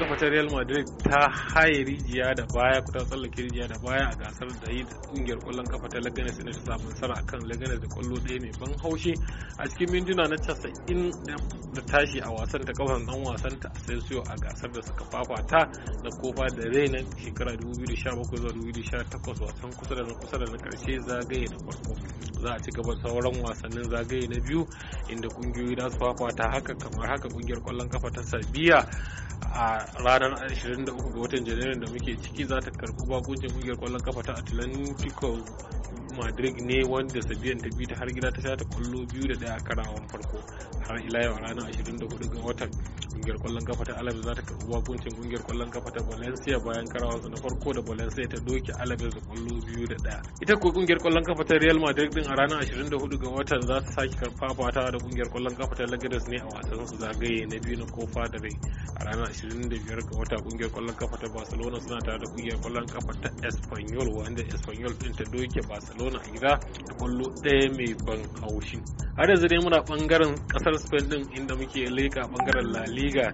El wata real madrid ta haye rijiya da baya ta tsallake rijiya da baya a gasar da yi da kungiyar kwallon kafa ta laganes ina ta samu nasara akan laganes da kwallo ɗaya mai ban haushi a cikin mintuna na casa'in da tashi a wasan ta kafa dan wasan ta asensio a gasar da suka fafata da kofa da na shekara 2017 zuwa 2018 wasan kusa da na kusa da na karshe zagaye na farko za a ci gaba sauran wasannin zagaye na biyu inda kungiyoyi za su fafata haka kamar haka kungiyar kwallon kafa ta sabiya a ranar 23 ga watan janairun da muke ciki za ta karbi bakuncin kungiyar kwallon kafa ta atlantico madrid ne wanda sabiyan ta bi ta har gida ta sha ta kwallo biyu da daya karawan farko har ila yau ranar 24 ga watan kungiyar kwallon kafa ta alabe za ta karbi bakuncin kungiyar kwallon kafa ta valencia bayan karawan su na farko da valencia ta doke alabe da kwallo biyu da daya ita ko kungiyar kwallon kafa ta real madrid din a ranar 24 ga watan za ta sake karfafa ta da kungiyar kwallon kafa ta lagos ne a wasan su zagaye na biyu na kofa da rai a ranar 25 ga wata kungiyar kwallon kafa ta barcelona suna tare da kungiyar kwallon kafa ta espanyol wanda espanyol din ta doke barcelona a gida da kwallo ɗaya mai ban haushi har yanzu dai muna bangaren kasar spain din inda muke leka bangaren la liga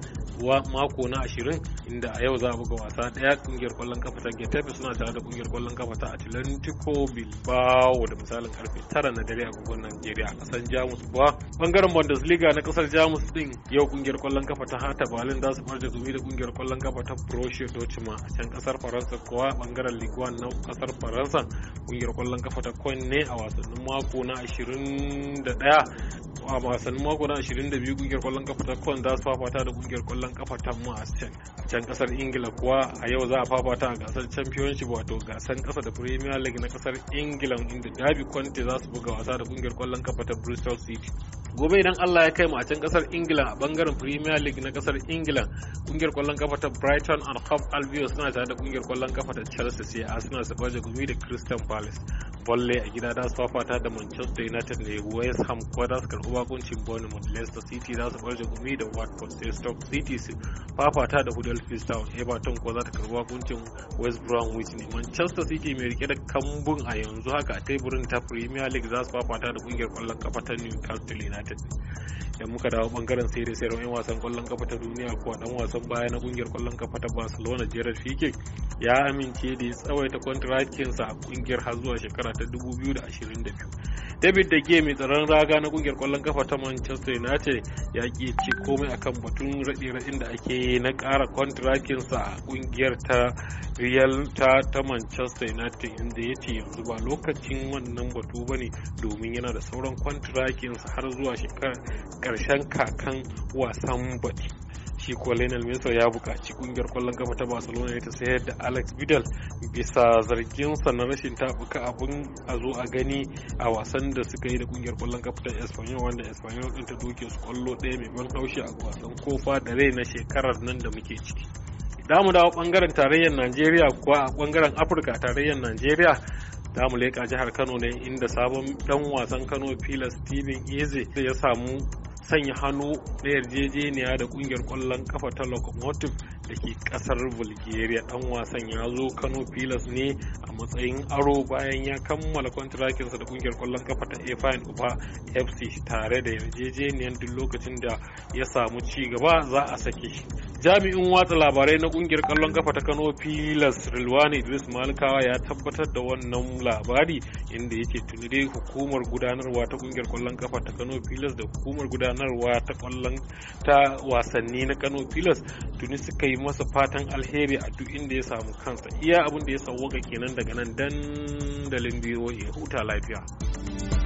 mako na ashirin inda a yau za a buga wasa daya kungiyar kwallon kafa ta getafe suna tare da kungiyar kwallon kafa ta atlantico bilbao da misalin karfe tara na dare a gugun nigeria a kasar jamus ba bangaren bundesliga na kasar jamus din yau kungiyar kwallon kafa ta hata balin za su farce zumi da kungiyar kwallon kafa ta borussia dortmund a can kasar faransa kuwa bangaren ligue 1 na kasar faransa kungiyar kwallon kafa ta coin ne a wasannin mako na 21 a wasannin mako na 22 kungiyar kwallon kafa ta Kwan za su fafata da kungiyar kwallon kafa ta a Can kasar Ingila kuwa a yau za a fafata a gasar Championship wato gasan kasa da Premier League na kasar Ingila inda Derby County za su buga wasa da kungiyar kwallon kafa ta Bristol City. Gobe idan Allah ya kai mu a can kasar Ingila a bangaren Premier League na kasar Ingila kungiyar kwallon kafa ta Brighton and Hove Albion suna tare da kungiyar kwallon kafa ta Chelsea sai Arsenal su baje gumi da Crystal Palace. volley a gida za su fafata da manchester united ne west ham kuwa za su karɓi bakuncin bournemouth leicester city za su da gumi da watford sai stoke city su fafata da huddersfield town everton ko za ta karɓi bakuncin west bromwich ne manchester city mai rike da kambun a yanzu haka a teburin ta premier league za su fafata da kungiyar kwallon kafa ta newcastle united da muka dawo bangaren sai da sayarwa 'yan wasan kwallon kafa ta duniya kuwa dan wasan baya na kungiyar kwallon kafa ta barcelona gerard pique ya amince da ya tsawaita kwantarakinsa a kungiyar har zuwa shekara shekara ta 2022 david da gea mai tsaron raga na kungiyar kwallon kafa ta manchester united ya ki ce komai akan batun raɗe-raɗin da ake na ƙara kwantirakinsa a kungiyar ta real ta ta manchester united inda ya ce yanzu ba lokacin wannan batu ba ne domin yana da sauran kwantirakinsa har zuwa karshen kakan wasan batu shi kuwa Lionel Messi ya buƙaci kungiyar kwallon kafa ta Barcelona ta sayar da Alex Vidal bisa zargin zarginsa na rashin tabuka abun a zo a gani a wasan da suka yi da kungiyar kwallon kafa ta Espanyol wanda Espanyol din ta doke su kwallo ɗaya mai ban haushi a wasan kofa da rai na shekarar nan da muke ciki. Da mu dawo bangaren tarayyar Najeriya kuwa a bangaren Afirka tarayyar Najeriya za mu leƙa jihar Kano ne inda sabon dan wasan Kano philip Steven Eze ya samu sanya hannu na yarjejeniya da ƙungiyar kwallon kafa ta locomotive da ke kasar bulgaria dan wasan ya zo kano pilas ne a matsayin aro bayan ya kammala kwantarakinsa da kungiyar kwallon kafa ta afin uba fc tare da yarjejeniyar duk lokacin da ya samu ci gaba za a sake shi jami'in watsa labarai na kungiyar kallon kafa ta kano pilas rilwani idris malkawa ya tabbatar da wannan labari inda yake tuni dai hukumar gudanarwa ta kungiyar kwallon kafa ta kano pilas da hukumar gudanarwa ta kwallon ta wasanni na kano pilas tuni suka yi masa fatan alheri a duk inda ya samu kansa iya abin da ya sauwaka kenan daga nan dandalin biyo ya huta lafiya.